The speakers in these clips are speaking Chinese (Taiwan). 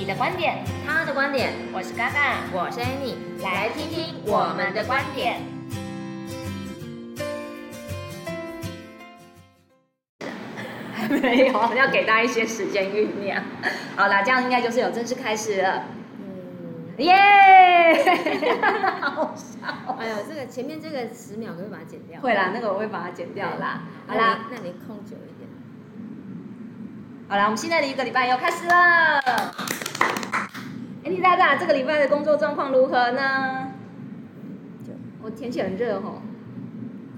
你的觀點，他的觀點，我是嘎嘎，我是安妮，來聽聽我們的觀點。還沒有，要給大家一些時間醞釀。 好啦，這樣應該就是有正式開始了。耶、嗯！Yeah! 好笑。哎呀，這個前面這個十秒，我會把它剪掉。會啦，那個我會把它剪掉啦。好啦、哦，那你控久一點。好啦，我們現在的一個禮拜又開始了。李大大，這個禮拜的工作狀況如何呢？我天氣很熱哦，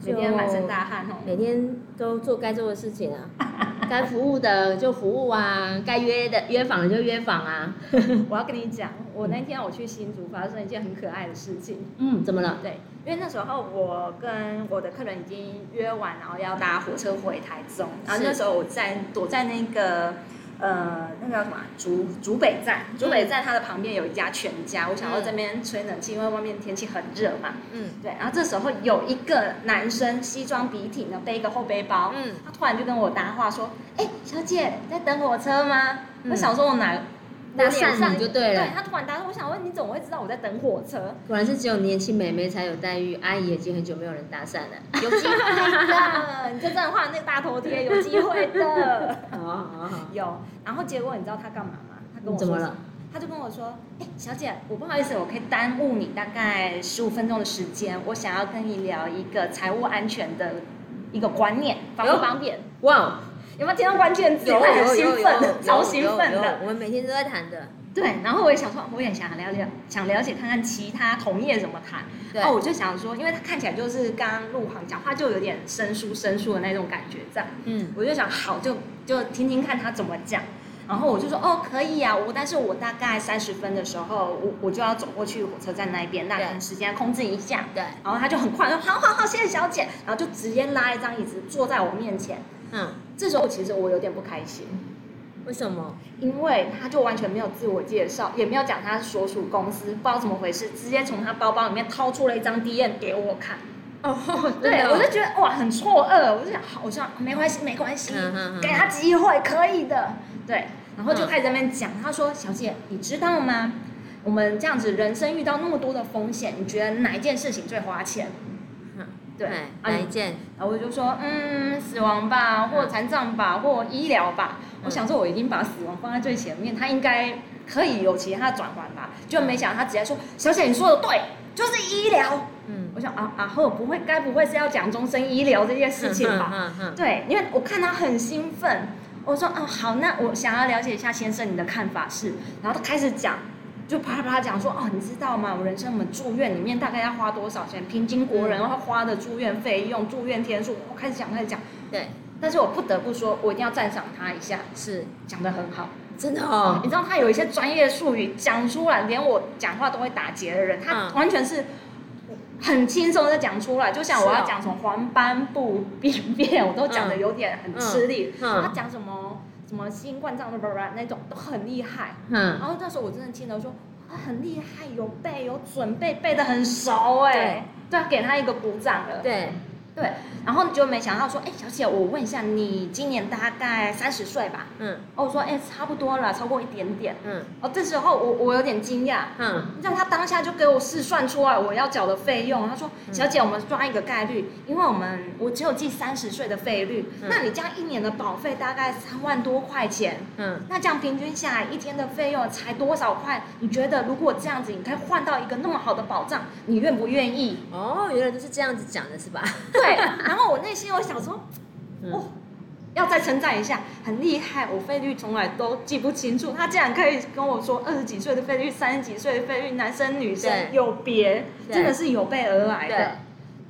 每天滿身大汗哦，每天都做該做的事情啊， 該服務的就服務啊，該約的約訪的就約訪啊。 我要跟你講，我那天我去新竹，發生一件很可愛的事情。嗯，怎麼了？對，因為那時候我跟我的客人已經約完，然後要搭火車回台中，然後那時候我在躲在那個。呃，那個什麼、啊，竹竹北站，竹北站它的旁邊有一家全家，嗯、我想要這邊吹冷氣，因為外面天氣很熱嘛。嗯，對。然後這時候有一個男生，西裝筆挺的，背一個後背包，嗯，他突然就跟我搭話說：“哎、欸，小姐，在等火車嗎？”嗯、我想說，我哪？搭訕你就對了。對，他突然搭訕，我想問你，怎麼會知道我在等火車？果然是只有年輕美眉才有待遇，阿姨已經很久沒有人搭訕了。有機會的， 你就真正畫那個大頭貼，有機會的。 啊、啊、啊，有。然後結果你知道他幹嘛嗎？他跟我說什麼、嗯、怎麼了？他就跟我說，哎、欸，小姐，我不好意思，我可以耽誤你大概十五分鐘的時間，我想要跟你聊一個財務安全的一個觀念，方不方便？哎、哇！有沒有聽到關鍵字？有很興奮的，超興奮的！有有有有有有有，我們每天都在談的。對，然後我也想說，我也想聊聊，想了解看看其他同業怎麼談。對。哦，我就想說，因為他看起來就是剛入行，講話就有點生疏，生疏的那種感覺在。嗯。我就想，好，就就聽聽看他怎麼講。然後我就說，哦、嗯，可以啊，我但是我大概三十分的時候，我我就要走過去火車站那一邊，那時間控制一下。對。然後他就很快說：“好好好，好，謝謝小姐。”然後就直接拉一張椅子坐在我面前。嗯。這時候其實我有點不開心，為什麼？因為他就完全沒有自我介紹，也沒有講他是所屬公司，不知道怎麼回事，直接從他包包裡面掏出了一張 DM 給我看。哦，呵呵對，我就覺得哇，很錯愕，我就想好像沒關係，沒關係，嗯、給他機會、嗯、可以的、嗯。對，然後就開始在那邊講，他說：“小姐，你知道嗎？我們這樣子人生遇到那麼多的風險，你覺得哪一件事情最花錢？”對、嗯，哪一件？然後我就說，嗯，死亡吧，或殘障吧，嗯、或醫療吧。療吧嗯、我想說，我已經把死亡放在最前面，他應該可以有其他轉換吧。就沒想到他直接說：“嗯、小姐，你說的對，就是醫療。”嗯，我想啊啊，不會，該不會是要講終身醫療這件事情吧、嗯嗯嗯嗯？對，因為我看他很興奮。我說啊，好，那我想要了解一下先生你的看法是，然後他開始講。就啪啦啪啪講說哦，你知道嗎？我人生我們住院裡面大概要花多少錢？平均國人花、嗯、花的住院費用、住院天數，我開始講開始講，對。但是我不得不說，我一定要讚賞他一下，是講的很好，真的哦，哦你知道他有一些專業術語、嗯、講出來，連我講話都會打結的人，他完全是很輕鬆的講出來、嗯。就像我要講什麼黃斑部病變，我都講的有點很吃力。嗯嗯嗯、他講什麼？什麼新冠狀的吧吧那種都很厲害，嗯，然後那時候我真的聽到說很厲害，有背有準備，背得很熟哎，對，就要給他一個鼓掌了，對。對，然後就沒想到說，哎、欸，小姐，我問一下，你今年大概三十歲吧？嗯，哦，我說，哎、欸，差不多了，超過一點點。嗯，哦，這時候我我有點驚訝。嗯，然後他當下就給我試算出來我要繳的費用、嗯。他說，小姐，我們抓一個概率，因為我們我只有記三十歲的費率、嗯。那你這樣一年的保費大概三萬多塊錢。嗯，那這樣平均下來一天的費用才多少塊？你覺得如果這樣子，你可以換到一個那麼好的保障，你願不願意？哦，原來都是這樣子講的是吧？對，然後我內心我想說，哦，要再稱讚一下，很厲害。我費率從來都記不清楚，他竟然可以跟我說二十幾歲的費率、三十幾歲的費率，男生女生有別，真的是有備而來的。對，對，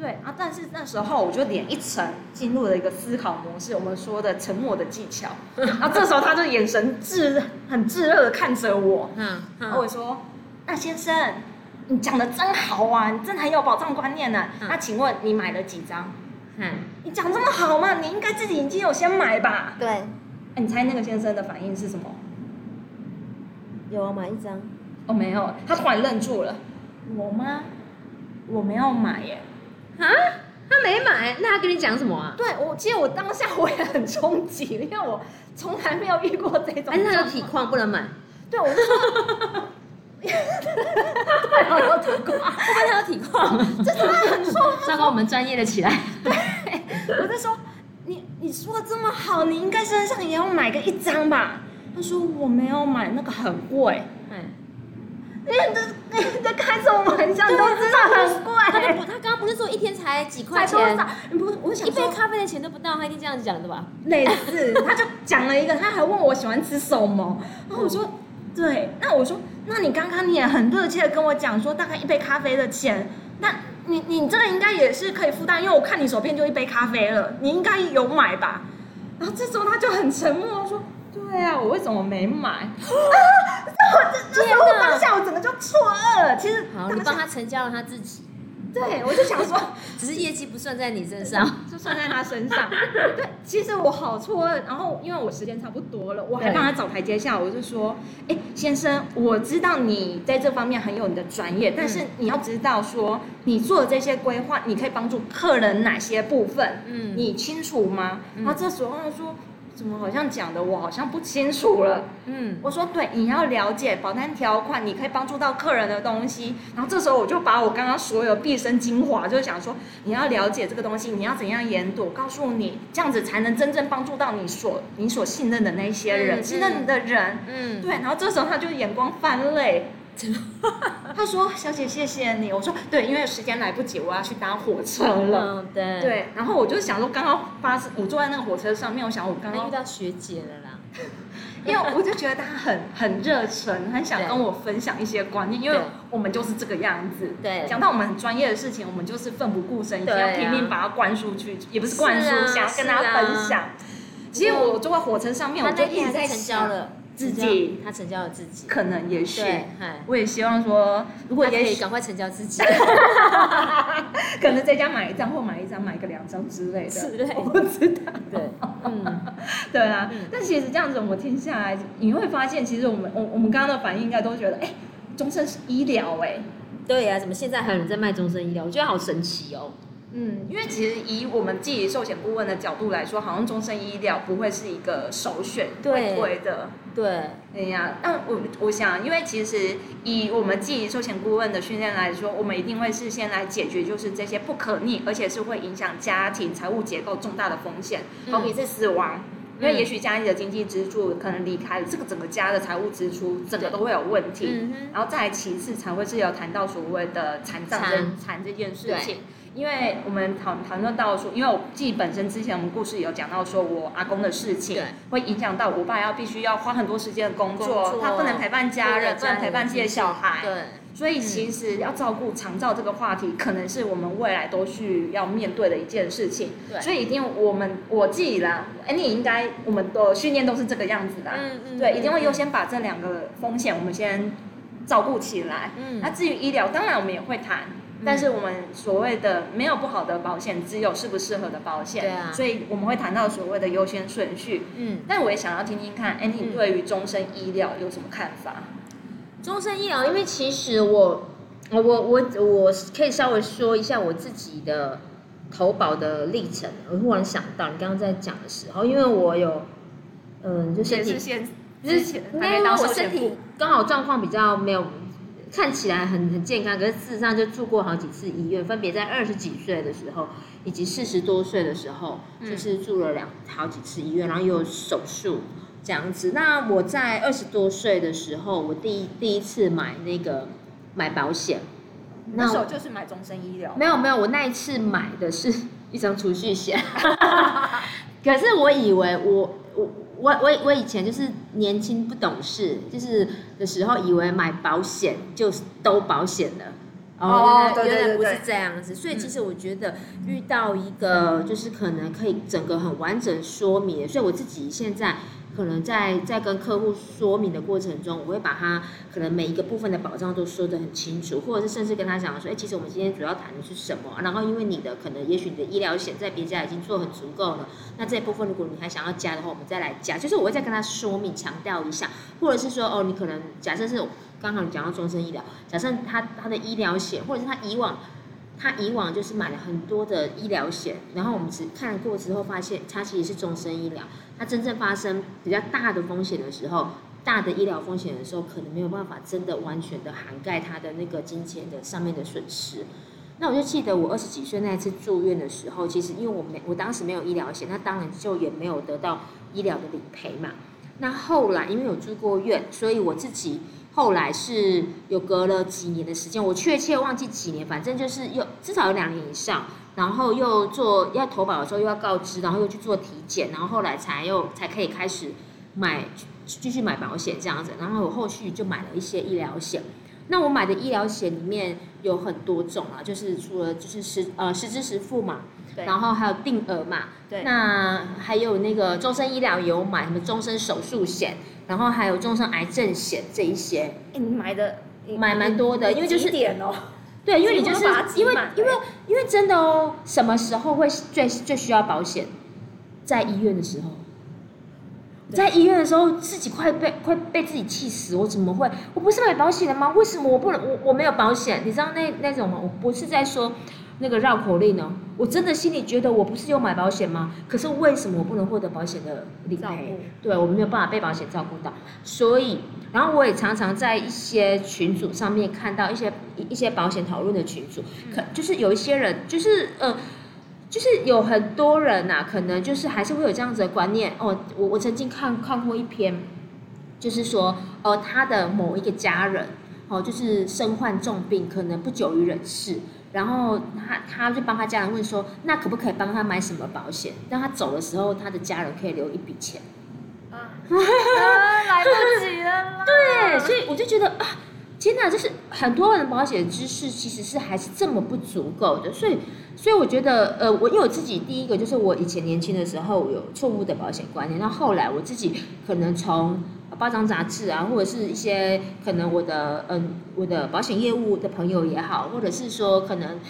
對啊，但是那時候我就臉一沉，進入了一個思考模式，我們說的沉默的技巧。嗯、然後這時候他就眼神炙很炙熱的看着我，嗯，嗯，然後我說，嗯、那先生。你講的真好啊，你真的很有保障觀念呢、啊。那、啊啊、請問你買了幾張？嗯，你講這麼好嘛？你應該自己已經有先買吧？對。哎、欸，你猜那個先生的反應是什麼？有啊，買一張。哦，沒有，他突然愣住了、嗯。我嗎？我沒有買耶、欸。啊？他沒買？那他跟你講什麼啊？對，我其實我當下我也很衝擊，因為我從來沒有遇過這種。哎，他有體況不能買。對，我。 哈哈哈！他有體況，他有體況，這真的很錯嗎？糟糕，我們專業的起來。對，我就說你，你說的這麼好，你應該身上也要買個一張吧？他說我沒有買，那個很貴。哎，你在，你在開什麼玩笑？對，真的很貴。 他不，他剛剛不是說一天才幾塊錢？不，我想一杯咖啡的錢都不到，他一定這樣子講的吧？類似，他就講了一個， 他還問我喜歡吃什麼，然後我說。嗯對，那我說，那你剛剛你也很熱切的跟我講說，大概一杯咖啡的錢，那你你這個應該也是可以負擔，因為我看你手邊就一杯咖啡了，你應該有買吧？然後這時候他就很沉默，說：“對啊，我為什麼沒買？”啊！那我這，如果當下我怎麼就錯了？其實，好，你幫他成交了他自己。對，我就想說， 只是業績不算在你身上，就算在他身上。對，其實我好錯愕，然後因為我時間差不多了，我還幫他找台階下。我就說，哎，先生，我知道你在這方面很有你的專業，嗯、但是你要知道說，你做的這些規劃，你可以幫助客人哪些部分？嗯，你清楚嗎？嗯、然後這時候他說。怎麼好像講的我好像不清楚了？嗯，我說，對，你要了解保單條款，你可以幫助到客人的東西。然後這時候我就把我剛剛所有畢生精華，就是想說你要了解這個東西，你要怎樣研讀，告訴你，這樣子才能真正幫助到你所你所信任的那些人，嗯，信任的人。嗯，對。然後這時候他就眼光泛淚。 他說：“小姐，謝謝你。”我說：“對，因為時間來不及，我要去搭火車了。嗯”對對，然後我就想說，剛剛發生，我坐在那個火車上面，我想我剛剛遇到學姐了啦。因為、欸、我就覺得他很很熱忱，很想跟我分享一些觀念，因為我們就是這個樣子。對，講到我們很專業的事情，我們就是奮不顧身，一定要拼命把它灌輸出去、啊，也不是灌輸，啊、想要跟他分享、啊。其實我坐在火車上面，我就一直在想，自己，他成交了自己，可能也是。我也希望說，如果也可以，趕快成交自己。 可能在家買一張，或買一張，買個兩張之類的。之類的，我不知道。對， 嗯，對啊、嗯。但其實這樣子，我聽下來，你會發現，其實我們，我、嗯、我們剛剛的反應，應該都覺得，哎、欸，終身是醫療，哎，對呀、啊，怎麼現在還有人在賣終身醫療？我覺得好神奇哦。嗯，因為其實以我們自己壽險顧問的角度來說，好像終身醫療不會是一個首選會推的。對。對。哎呀，但我我想，因為其實以我們自己壽險顧問的訓練來說，我們一定會事先來解決就是這些不可逆，而且是會影響家庭財務結構重大的風險，好、嗯、比是死亡，因為也許家裡的經濟支柱、嗯、可能離開了，這個整個家的財務支出整個都會有問題。嗯、然後再來其次才會是有談到所謂的殘障的殘，殘這件事情。因為我們討談論到說，因為我自己本身之前我們故事有講到說我阿公的事情，會影響到我爸要必須要花很多時間工作，工作他不能陪伴家人，不能陪伴自己的小孩對對，所以其實要照顧長照這個話題，可能是我們未來都需要面對的一件事情，對所以一定我們我自己啦，哎、欸、你也應該我們的訓練都是這個樣子的、嗯嗯，對，一定會優先把這兩個風險我們先照顧起來，嗯、那至於醫療，當然我們也會談。但是我們所謂的沒有不好的保險，只有適不適合的保險。對啊，所以我們會談到所謂的優先順序。嗯，但我也想要聽聽看，Annie 對於終身醫療有什麼看法？終身醫療、哦，因為其實我我我我可以稍微說一下我自己的投保的歷程。我忽然想到你剛剛在講的時候，因為我有嗯，呃、就是身體是先是之前沒、沒有，我身體剛好狀況比較沒有。看起來很很健康，可是事實上就住過好幾次醫院，分別在二十幾歲的時候以及四十多歲的時候，嗯，就是住了兩好幾次醫院，嗯、然後又有手術這樣子。那我在二十多歲的時候，我第一第一次買那個買保險，那時候就是買終身醫療，沒有沒有，我那一次買的是一張儲蓄險， 可是我以為我。我我我以前就是年輕不懂事，就是的時候以為買保險就都保險了，哦、oh, oh,，原來不是這樣子。所以其實我覺得遇到一個、嗯、就是可能可以整個很完整說明。所以我自己現在。可能在在跟客戶說明的過程中，我會把他可能每一個部分的保障都說得很清楚，或者是甚至跟他講說，哎、欸，其實我們今天主要談的是什麼？啊、然後因為你的可能，也許你的醫療險在別家已經做很足夠了，那這一部分如果你還想要加的話，我們再來加。就是我會再跟他說明強調一下，或者是說，哦，你可能假設是我剛好你講到終身醫療，假設他他的醫療險或者是他以往。他以往就是買了很多的醫療險，然後我們只看過之後發現，他其實是終身醫療。他真正發生比較大的風險的時候，大的醫療風險的時候，可能沒有辦法真的完全的涵蓋他的那個金錢的上面的損失。那我就記得我二十幾歲那次住院的時候，其實因為我沒我當時沒有醫療險，那當然就也沒有得到醫療的理賠嘛。那後來因為有住過院，所以我自己。後來是有隔了幾年的時間，我確切忘記幾年，反正就是有至少有兩年以上，然後又做要投保的時候又要告知，然後又去做體檢，然後後來才又才可以開始買繼續買保險這樣子，然後我後續就買了一些醫療險。那我買的醫療險裡面有很多種啊，就是除了就是實呃實支實付嘛。然後還有定額嘛，那還有那個終身醫療有買，什麼終身手術險，然後還有終身癌症險這一些。欸、你買的你買蠻多的、喔，因為就是點哦？對，因為你就是因為因為因為，因為真的哦、喔，什麼時候會最最需要保險？在醫院的時候，在醫院的時候自己快被快被自己氣死，我怎麼會？我不是買保險的嗎？為什麼我不能？我我沒有保險？你知道那那種嗎？我不是在說。那個繞口令呢，我真的心裡覺得我不是有買保險嗎？可是為什麼我不能獲得保險的理賠？對，我沒有辦法被保險照顧到，所以，然後我也常常在一些群組上面看到一些一些保險討論的群組，嗯、可就是有一些人，就是呃，就是有很多人吶、啊，可能就是還是會有這樣子的觀念哦。我我曾經看看過一篇，就是說哦、呃，他的某一個家人哦，就是身患重病，可能不久於人世。然後他他就幫他家人問說，那可不可以幫他買什麼保險，讓他走的時候他的家人可以留一筆錢。啊啊、 來不及了。對，所以我就覺得啊，天哪，就是很多人保險的知識其實是還是這麼不足夠的。所以，所以我覺得呃，我因為我自己第一個就是我以前年輕的時候有錯誤的保險觀念，那後，後來我自己可能從。報章雜誌啊，或者是一些可能我的嗯、呃，我的保險業務的朋友也好，或者是說可能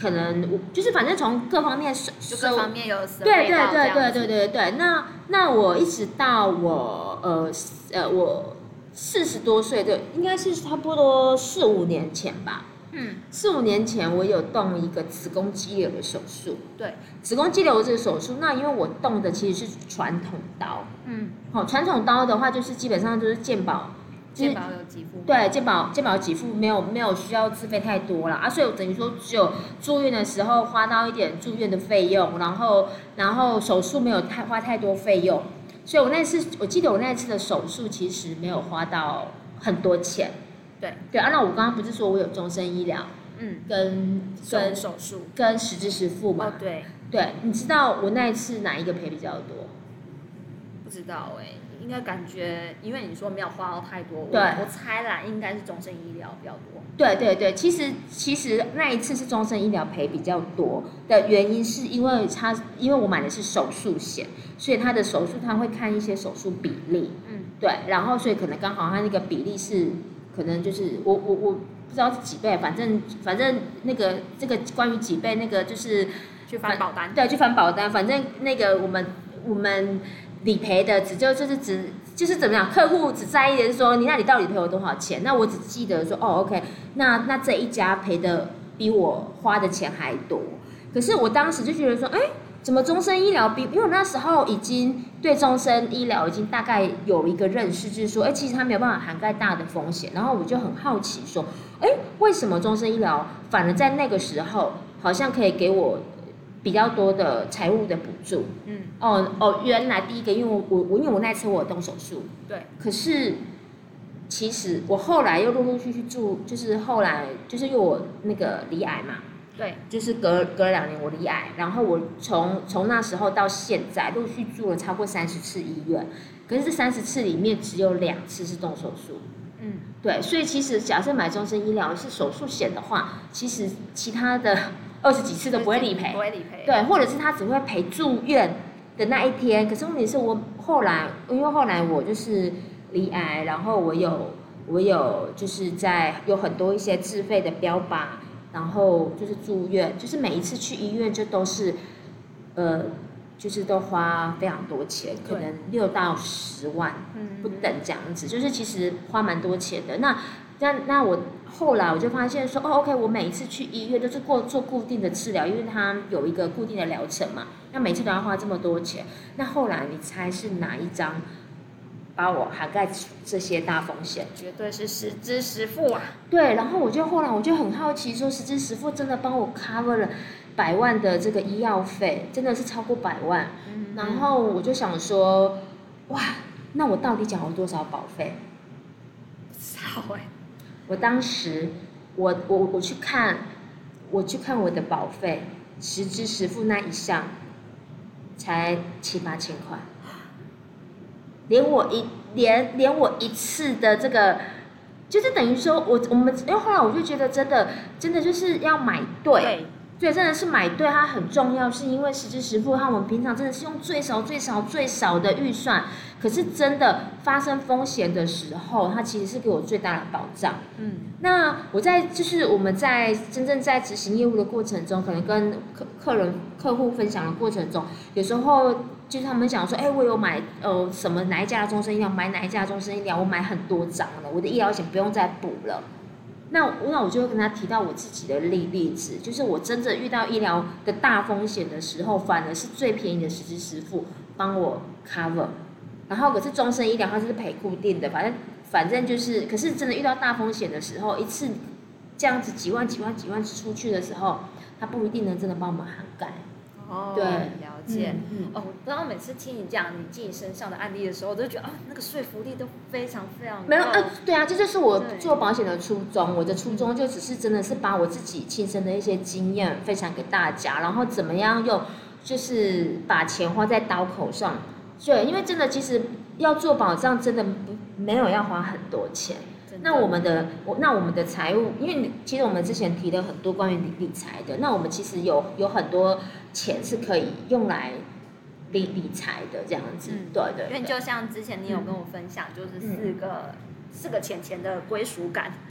可能我就是反正從各方面各方面，對對對對對對對對，那那我一直到我呃呃我四十多歲對，應該是差不多四五年前吧。嗯，四五年前我有動一個子宮肌瘤的手術。對，子宮肌瘤的這個手術，那因為我動的其實是傳統刀。嗯，好、哦，傳統刀的話，就是基本上就是健保，健、就是、保有給付對，健保健保有給付沒有沒有需要自費太多了啊，所以我等於說只有住院的時候花到一點住院的費用，然後然後手術沒有太花太多費用，所以我那次我記得我那次的手術其實沒有花到很多錢。對對，啊，那我剛剛不是說我有終身醫療，嗯，跟跟手術跟實支實付嘛，對對，你知道我那一次哪一個賠比較多？不知道哎、欸，應該感覺因為你說沒有花到太多，我我猜啦，應該是終身醫療比較多。對對對，其實其實那一次是終身醫療賠比較多的原因，是因為他，因為我買的是手術險，所以他的手術他會看一些手術比例，嗯，對，然後所以可能剛好他那個比例是。可能就是我我我不知道是幾倍，反正反正那個這個關於幾倍那個就是去翻保單，對，對，去翻保單。反正那個我們我們理賠的只就就是只就是怎麼樣，客戶只在意的是說你那裡到底賠我多少錢。那我只記得說哦，OK，那那這一家賠的比我花的錢還多，可是我當時就覺得說哎。怎麼終身醫療比，因為我那時候已經對終身醫療已經大概有一個認識，就是說，哎，其實它沒有辦法涵蓋大的風險。然後我就很好奇，說，哎，為什麼終身醫療反而在那個時候好像可以給我比較多的財務的補助？嗯，哦哦，原來第一個，因為我我因為我那次我有動手術，對，可是其實我後來又陸陸續續住，就是後來就是因為我那個罹癌嘛。對，就是隔隔了兩年我罹癌，然後我從從那時候到現在陸續住了超過三十次醫院，可是這三十次裡面只有兩次是動手術。嗯，對，所以其實假設買終身醫療是手術險的話，其實其他的二十幾次都不會理賠，不會理賠。對，或者是他只會賠住院的那一天。嗯。可是問題是我後來，因為後來我就是罹癌，然後我有我有就是在有很多一些自費的標靶。然後就是住院，就是每一次去醫院就都是，呃，就是都花非常多錢，可能六到十萬不等這樣子，嗯，就是其實花蠻多錢的。那那那我後來我就發現說，哦，OK，我每一次去醫院都是過做固定的治療，因為它有一個固定的療程嘛，那每次都要花這麼多錢。那後來你猜是哪一張？把我涵蓋這些大風險，絕對是實支實付啊。對，然後我就後來我就很好奇說，說實支實付真的幫我 cover 了百萬的這個醫藥費，真的是超過百萬。嗯。然後我就想說，哇，那我到底繳了多少保費？少哎！我當時，我我我去看，我去看我的保費，實支實付那一項，才七八千塊。連我一連連我一次的這個，就是等於說我，我我們因為後來我就覺得，真的真的就是要買對，對，對，真的是買對它很重要，是因為實支實付，它我們平常真的是用最少最少最少的預算，嗯，可是真的發生風險的時候，它其實是給我最大的保障。嗯，那我在就是我們在真正在執行業務的過程中，可能跟客客人客戶分享的過程中，有時候。就是他們講說，哎、欸，我有買呃什麼哪一家的終身醫療，買哪一家的終身醫療，我買很多張了，我的醫療險不用再補了。那我那我就會跟他提到我自己的例子，就是我真正遇到醫療的大風險的時候，反而是最便宜的實支實付幫我 cover。然後可是終身醫療它是賠固定的，反正反正就是，可是真的遇到大風險的時候，一次這樣子幾萬幾萬幾萬出去的時候，它不一定能真的幫我們涵蓋。哦、對，了解。嗯嗯、哦，不知道每次聽你講你自己身上的案例的時候，我都覺得啊，那個說服力都非常非常。沒有，呃，對啊，這就是我做保險的初衷。我的初衷就只是真的是把我自己親身的一些經驗分享給大家，然後怎麼樣又就是把錢花在刀口上。對，因為真的其實要做保障，真的不沒有要花很多錢。那我們的，那我們的財務，因為其實我們之前提了很多關於理理財的，那我們其實有有很多錢是可以用來理理財的這樣子，嗯、對，對對。因為就像之前你有跟我分享，嗯、就是四個。四個錢錢的歸屬感，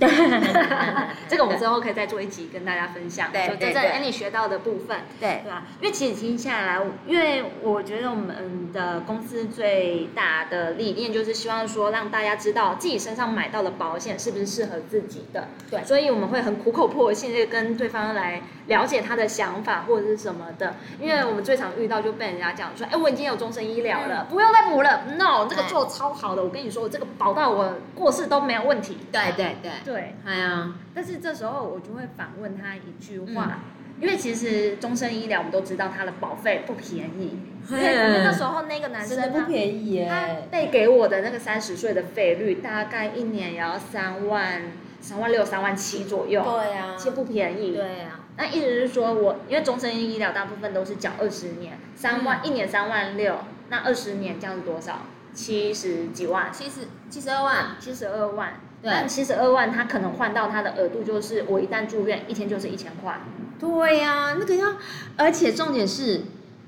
這個我們之後可以再做一集跟大家分享。對對對，跟你學到的部分，對對吧，因為其實聽下來，因為我覺得我們的公司最大的理念就是希望說讓大家知道自己身上買到的保險是不是適合自己的。對，對所以我們會很苦口婆心的跟對方來了解他的想法或者是什麼的，因為我們最常遇到就被人家講說，哎、嗯，我已經有終身醫療了，嗯、不用再補了。No，這個做超好的、哎，我跟你說，我這個保單我過。都是都沒有問題，對對對對，哎呀，但是這時候我就會反問他一句話、嗯，因為其實終身醫療我們都知道他的保費不便宜。對那時候那個男生真的不便宜，他背給我的那個三十歲的費率大概一年也要三萬三萬六三萬七左右，對呀、啊，其實不便宜，對呀、啊，那意思是說我因為終身醫療大部分都是繳二十年，三萬、嗯、一年三萬六，那二十年這樣是多少？七十幾萬，七十七十二萬，啊，七十二萬。對，但七十二萬，他可能換到他的額度就是，我一旦住院，一天就是一千塊。對呀、啊，那個要，而且重點是，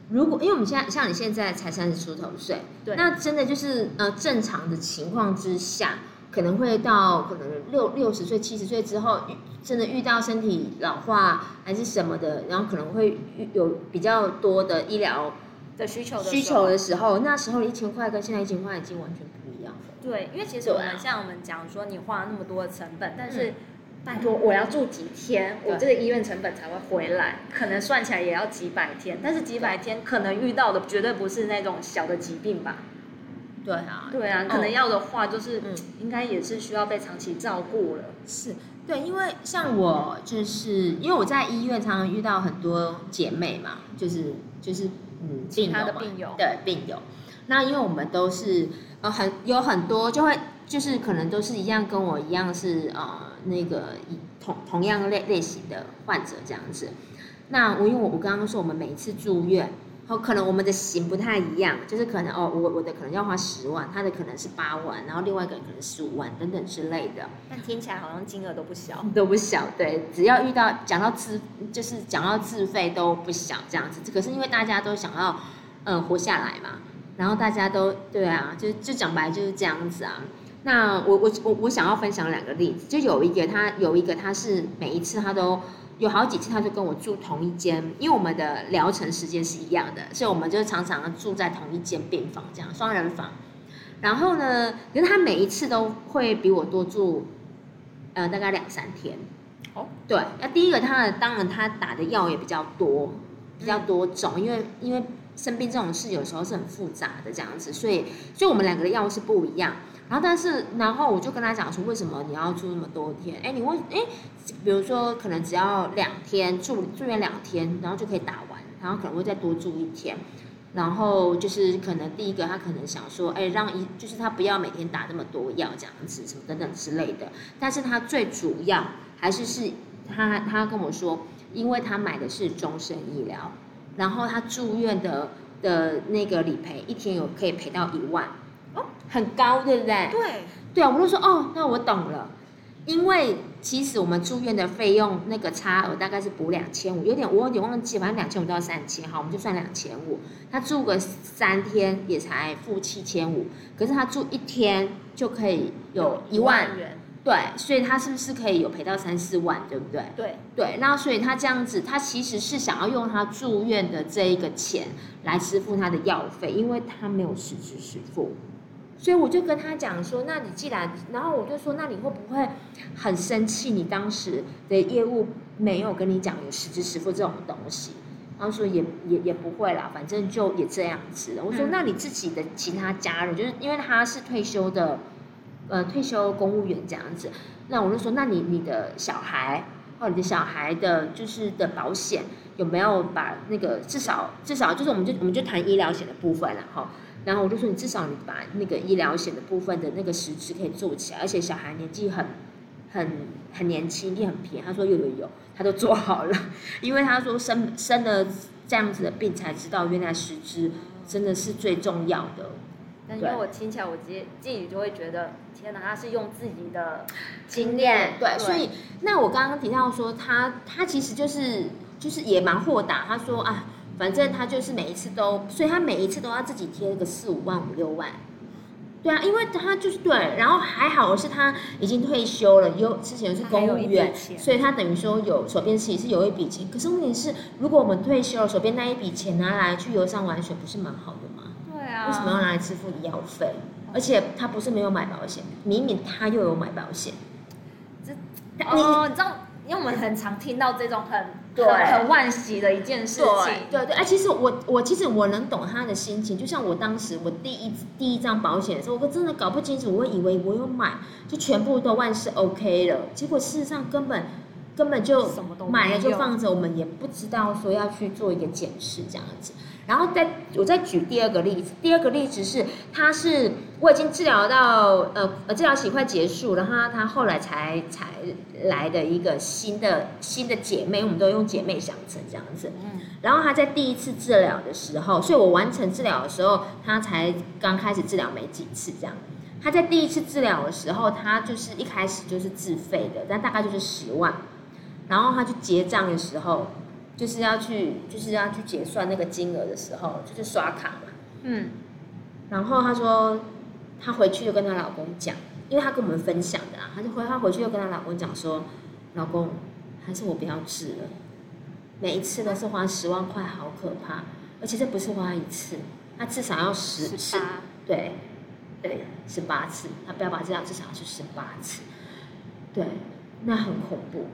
如果因為我們現在像你現在才三十出頭歲，對，那真的就是呃，正常的情況之下，可能會到可能六六十歲、七十歲之後，真的遇到身體老化還是什麼的，然後可能會有比較多的醫療。的需求的需求的時候，那時候一千塊跟現在一千塊已經完全不一樣了。對，因為其實我們、啊、像我們講說，你花了那麼多的成本，但是、嗯、拜託，我要住幾天、嗯，我這個醫院成本才會回來，可能算起來也要幾百天。但是幾百天可能遇到的絕對不是那種小的疾病吧？對啊，對啊，嗯、可能要的話就是、嗯，應該也是需要被長期照顧了。是對，因為像我就是、嗯、因為我在醫院常常遇到很多姐妹嘛，就是就是。嗯，其他的病友，對，病友，那因為我們都是呃很有很多就會就是可能都是一樣跟我一樣是呃那個同同樣類類型的患者這樣子，那我因為我我剛剛說我們每一次住院。可能我們的型不太一樣，就是可能哦，我我的可能要花十萬，他的可能是八萬，然後另外一個人可能十五萬等等之類的。但聽起來好像金額都不小，都不小。對，只要遇到講到自，就是講到自費都不小這樣子。可是因為大家都想要嗯、呃、活下來嘛，然後大家都對啊，就就講白就是這樣子啊。那我我我我想要分享兩個例子，就有一個他有一個他是每一次他都。有好幾次，他就跟我住同一間，因為我們的療程時間是一樣的，所以我們就常常住在同一間病房，這樣雙人房。然後呢，可是他每一次都會比我多住，呃，大概兩三天。Oh. 對，那、啊、第一個他，他當然他打的藥也比較多，比較多種，嗯、因為因為生病這種事有時候是很複雜的這樣子，所以所以我們兩個的藥是不一樣。然後，但是，然後我就跟他講說，為什麼你要住那麼多天？哎，你問哎，比如說可能只要兩天住住院兩天，然後就可以打完，然後可能會再多住一天。然後就是可能第一個他可能想說，哎，讓一就是他不要每天打那麼多藥這樣子，什麼等等之類的。但是他最主要還是是他他跟我說，因為他買的是終身醫療，然後他住院的的那個理賠一天有可以賠到一萬。很高，對不對？對，對啊，我們就說哦，那我懂了。因為其實我們住院的費用那個差額大概是補兩千五，有點我有點忘記，反正兩千五到三千，哈，我們就算兩千五。他住個三天也才付七千五，可是他住一天就可以有一萬元，對，所以他是不是可以有賠到三四萬，對不對？對，對，那所以他這樣子，他其實是想要用他住院的這一個錢來支付他的藥費，因為他沒有實質支付。所以我就跟他講說，那你既然，然後我就說，那你會不會很生氣？你當時的業務沒有跟你講有實支實付這種東西？然後說也也也不會啦，反正就也這樣子。我說，那你自己的其他家人，嗯、就是因為他是退休的，呃，退休公務員這樣子。那我就說，那你你的小孩，或、哦、你的小孩的，就是的保險有沒有把那個至少至少，至少就是我們就我們就談醫療險的部分了後然後我就說，你至少你把那個醫療險的部分的那個實支可以做起來，而且小孩年紀很，很很年輕，也很便宜。他說有有有，他都做好了，因為他說生生了這樣子的病才知道，原來實支真的是最重要的。嗯、對。但因為我聽起來，我直接自己就會覺得，天哪，他是用自己的經驗，對，所以那我剛剛提到說，他他其實就是就是也蠻豁達，他說啊。反正他就是每一次都，所以他每一次都要自己貼個四五萬五六萬，對啊，因為他就是對，然後還好是他已經退休了，又之前又是公務員，所以他等於說有手邊其實有一筆錢，可是問題是，如果我們退休了，手邊那一筆錢拿來去遊山玩水，不是蠻好的嗎？對啊，為什麼要拿來支付醫藥費？嗯，而且他不是沒有買保險，明明他又有買保險，嗯，哦，你知道。因為我們很常聽到這種很對很惋喜的一件事情，對對哎、啊，其實我我其實我能懂他的心情，就像我當時我第一第一張保險的時候，我真的搞不清楚，我以為我有買，就全部都萬事 OK 了，結果事實上根本根本就買了就放着，我們不也不知道說要去做一個檢視這樣子。然後再，再我再舉第二個例子，第二個例子是，他是我已經治療到，呃呃，治療期快結束，然後他後來才才來的一個新的新的姐妹，我們都用姐妹相稱這樣子。嗯。然後他在第一次治療的時候，所以我完成治療的時候，他才剛開始治療沒幾次這樣。他在第一次治療的時候，他就是一開始就是自費的，但大概就是十萬。然後他去結賬的時候。就是要去，就是要去結算那個金額的時候，就是刷卡嘛。嗯。然後她說，她回去又跟她老公講，因為她跟我們分享的啦、啊。她就回她回去又跟她老公講說，老公，還是我不要治了。每一次都是花十萬塊，好可怕。而且這不是花一次，他至少要十次，對，對，十八次。他不要把這樣至少要去十八次，對，那很恐怖。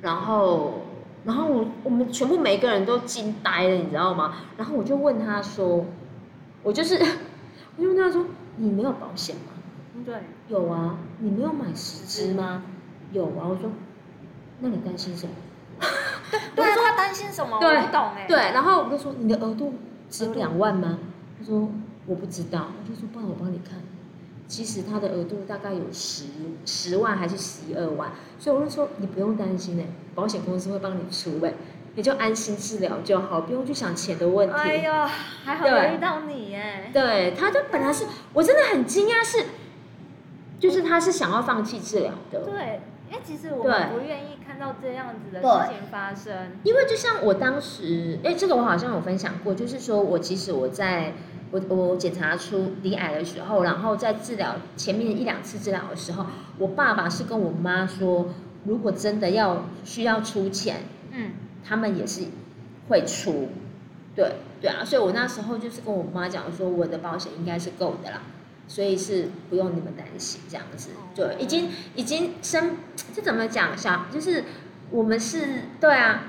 然後。然後我我們全部每一個人都驚呆了，你知道嗎？然後我就問他說，我就是，我就問他說，你沒有保險嗎？對，有啊，你沒有買實支嗎？有啊，我說，那你擔心什麼？對，不然、啊、他擔心什麼？對我不懂誒、欸。對，然後我就說，你的額度只有兩萬嗎？他說我不知道，我就說，不然我幫你看。其實他的額度大概有十十萬還是十一二萬，所以我就說你不用擔心呢，保險公司會幫你出位，你就安心治療就好，不用去想錢的問題。哎呦，還好遇到你哎。對，他就本來是、嗯，我真的很驚訝是，就是他是想要放棄治療的。嗯、對，哎，其實我們不願意看到這樣子的事情發生。因為就像我當時，哎，這個我好像有分享過，就是說我其實我在。我我檢查出鼻癌的時候，然後在治療前面一兩次治療的時候，我爸爸是跟我媽說，如果真的要需要出錢，嗯，他們也是會出，對對啊，所以我那時候就是跟我媽講說，我的保險應該是夠的啦，所以是不用你們擔心這樣子，對，已經已經生，這怎麼講，小就是我們是對啊。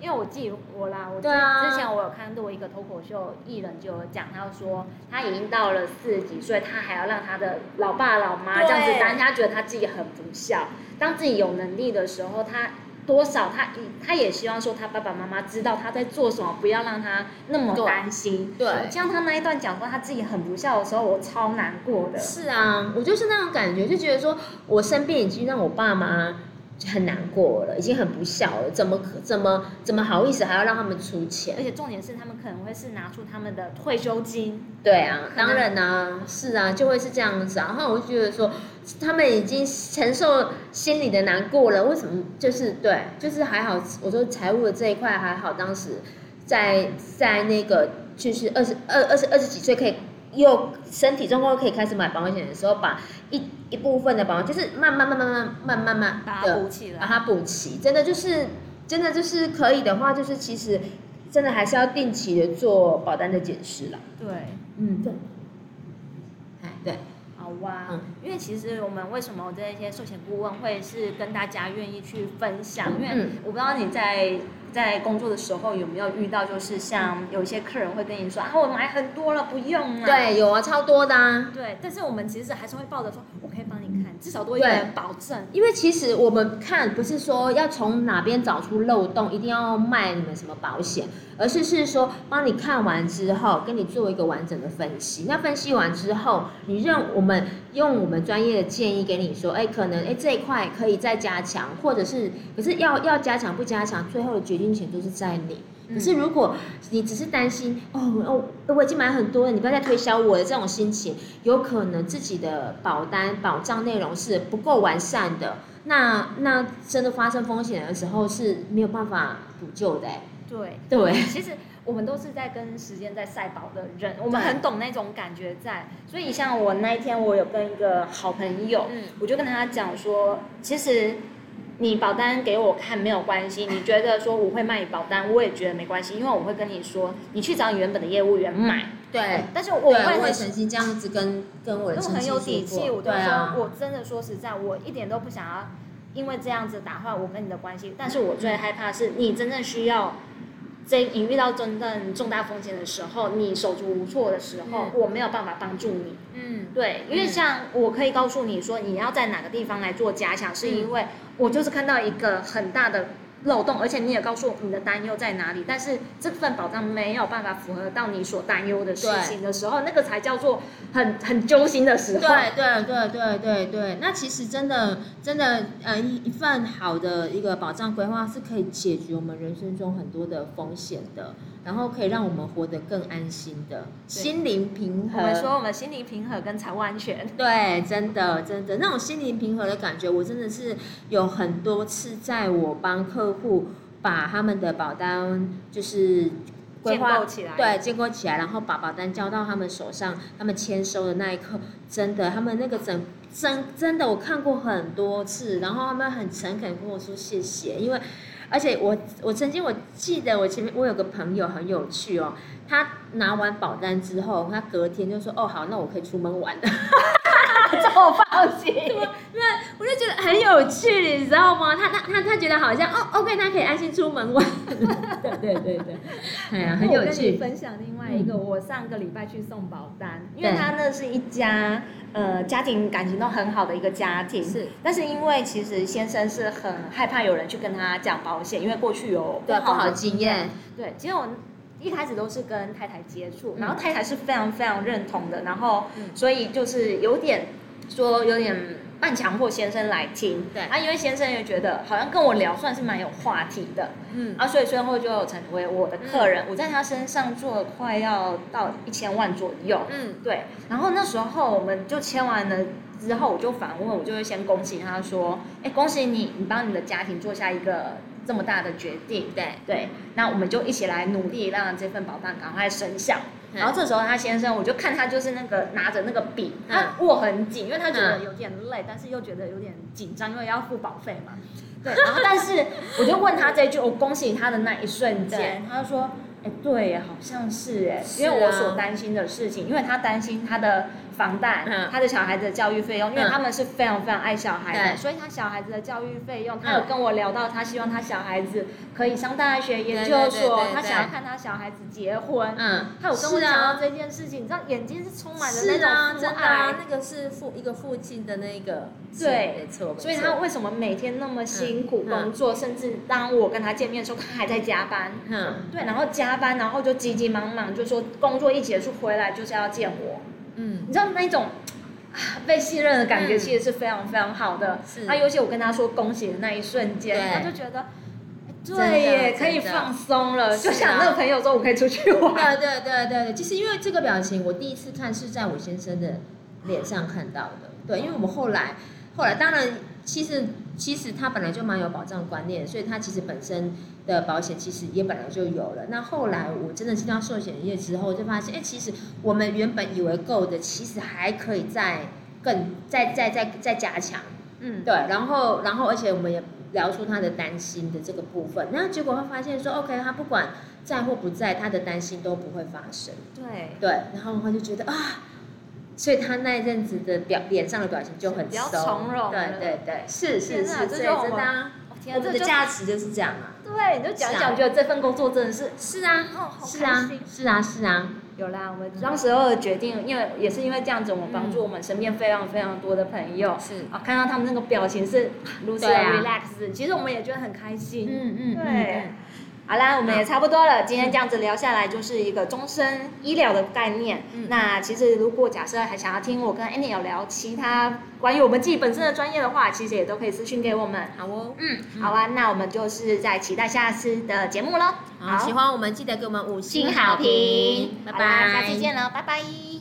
因為我自己我啦，我之之前我有看到一個脫口秀藝人就有講他說，他已經到了四十幾歲，他還要讓他的老爸老媽這樣子，讓人家覺得他自己很不孝。當自己有能力的時候，他多少他也他也希望說，他爸爸媽媽知道他在做什麼，不要讓他那麼擔心。對。對，像他那一段講說他自己很不孝的時候，我超難過的。是啊，我就是那種感覺，就覺得說我生病已經讓我爸媽。就很難過了，已經很不孝了，怎麼可怎麼怎麼好意思還要讓他們出錢？而且重點是他們可能會是拿出他們的退休金。對啊，當然啊，是啊，就會是這樣子啊，然後我就覺得說，他們已經承受心裡的難過了，為什麼？就是對，就是還好。我說財務的這一塊還好，當時在在那個就是二十二二十二十幾歲可以。有身體狀況可以開始買保險的時候，把一一部分的保險，就是慢慢慢慢慢慢慢慢了，把它補齊，真的就是真的就是可以的話，就是其實真的還是要定期的做保單的檢視啦。對，嗯，對，哎，對，好哇、啊嗯。因為其實我們為什麼這些壽險顧問會是跟大家願意去分享嗯嗯？因為我不知道你在。在工作的時候有沒有遇到，就是像有一些客人會跟你說啊，我買很多了，不用啊。對，有啊，超多的啊。對，但是我們其實還是會抱着說，我可以幫你。至少都會有點保證，因為其實我們看不是說要從哪邊找出漏洞，一定要賣你們什麼保險，而是是說幫你看完之後，跟你做一個完整的分析。那分析完之後，你認我們用我們專業的建議給你說，哎，可能哎這一塊可以再加強，或者是可是要要加強不加強，最後的決定權都是在你。可是，如果你只是擔心哦哦，我已經買很多了，你不要再推銷我的這種心情，有可能自己的保單保障內容是不夠完善的，那那真的發生風險的時候是沒有辦法補救的。對對，其實我們都是在跟時間在賽跑的人，我們很懂那種感覺在。所以，像我那一天，我有跟一個好朋友、嗯，我就跟他講說，其實。你保單給我看沒有關係，你覺得說我會賣你保單，我也覺得沒關係，因為我會跟你說，你去找你原本的業務員買。對，但是我，我會，會曾經這樣子跟跟我，因為我很有底氣，我說對啊，我真的說實在，我一點都不想要因為這樣子打壞我跟你的關係，但是我最害怕是你真正需要。在你遇到真正重大風險的時候，你手足無措的時候，嗯，我沒有辦法幫助你。嗯，對，因為像我可以告訴你說你要在哪個地方來做加強，嗯，是因為我就是看到一個很大的漏洞，而且你也告訴我你的擔憂在哪裡，但是這份保障沒有辦法符合到你所擔憂的事情的時候，那個才叫做很很揪心的時候。對對對對對對，那其實真的真的呃一一份好的一個保障規劃是可以解決我們人生中很多的風險的。然後可以讓我們活得更安心的心靈平和。我們說我們心靈平和跟財務安全。對，真的真的，那種心靈平和的感覺，我真的是有很多次在我幫客戶把他們的保單就是規劃起來，對，建構起來，然後把保單交到他們手上，他們簽收的那一刻，真的，他們那個整真真的，我看過很多次，然後他們很誠懇跟我說謝謝，因為。而且我我曾經我記得我前面我有個朋友很有趣哦，他拿完保單之後，他隔天就說，哦好，那我可以出門玩了。 叫 我麼放心？ 對，我就覺得很有趣，你知道嗎？他、他、他、他覺得好像哦、oh,，OK，他可以安心出門玩。對對對對，哎 很有趣。分享另外一個、嗯，我上個禮拜去送保單，因為他那是一家呃家庭感情都很好的一個家庭，是。但是因為其實先生是很害怕有人去跟他講保險，因為過去有不好，對不好的經驗。對，其實我一開始都是跟太太接觸、嗯，然後太太是非常非常認同的，然後所以就是有點。說有點半強迫先生來聽，對、嗯、啊，因為先生也覺得好像跟我聊算是蠻有話題的，嗯啊，所以最後就成為我的客人，嗯、我在他身上做了快要到一千萬左右，嗯，對，然後那時候我們就簽完了之後，我就反問，我就會先恭喜他說，哎、欸，恭喜你，你幫你的家庭做下一個這麼大的決定，對對，那我們就一起來努力讓這份保單趕快生效。然後這時候他先生，我就看他就是那個拿着那個筆，他握很緊，因為他覺得有點累，但是又覺得有點緊張，因為要付保費嘛。對，然後但是我就問他這句，我、哦、恭喜他的那一瞬間，他就說：“哎，對，好像是哎、啊，因為我所擔心的事情，因為他擔心他的。”房貸、嗯，他的小孩子的教育費用，因為他們是非常非常愛小孩的、嗯，所以他小孩子的教育費用、嗯，他有跟我聊到，他希望他小孩子可以上大學、研究所。對對對對，他想要看他小孩子結婚，嗯、他有跟我講到這件事情、啊，你知道眼睛是充滿了那種父愛、啊真的啊，那個是父一個父親的那個對，沒錯，所以他為什麼每天那麼辛苦工作、嗯嗯，甚至當我跟他見面的時候，他還在加班，嗯、對，然後加班，然後就急急忙忙就說工作一結束回來就是要見我。嗯，你知道那種啊被信任的感覺，其實是非常非常好的、嗯。是，啊，尤其我跟他說恭喜的那一瞬間，他就覺得，對也、欸、可以放鬆了，就像那個朋友說、啊、我可以出去玩。對對對對對，其實因為這個表情，我第一次看是在我先生的臉上看到的。對，因為我們後來後來，當然其實其實他本來就蠻有保障觀念，所以他其實本身。的保險其實也本來就有了，那後來我真的進到壽險業之後，就發現，哎、欸，其實我們原本以為夠的，其實還可以再更再再再再加強，嗯，對，然後然後而且我們也聊出他的擔心的這個部分，那結果他發現說，OK，他不管在或不在，他的擔心都不會發生，對對，然後他就覺得啊，所以他那陣子的表臉上的表情就很鬆比較從容，對對對，是是是，是、啊，真的，啊啊、我們的價值就是這樣啊。對，你就講講，啊、覺得這份工作真的是是啊、哦，好開心，是啊，是啊，是啊，有啦，我們當時候決定，因為也是因為這樣子，我們幫助我們身邊非常非常多的朋友，嗯、是啊，看到他們那個表情是如此的 relax,、啊、其實我們也覺得很開心，嗯嗯，對。嗯嗯嗯好啦，我們也差不多了。哦、今天這樣子聊下來，就是一個終身醫療的概念。嗯。那其實如果假設還想要聽我跟 Annie 有聊其他關於我們自己本身的專業的話，其實也都可以私訊給我們。好哦，嗯，好啊。嗯、那我們就是在期待下次的節目了。好，喜歡我們記得給我們五星好評，拜拜，下期見了，拜拜。拜拜。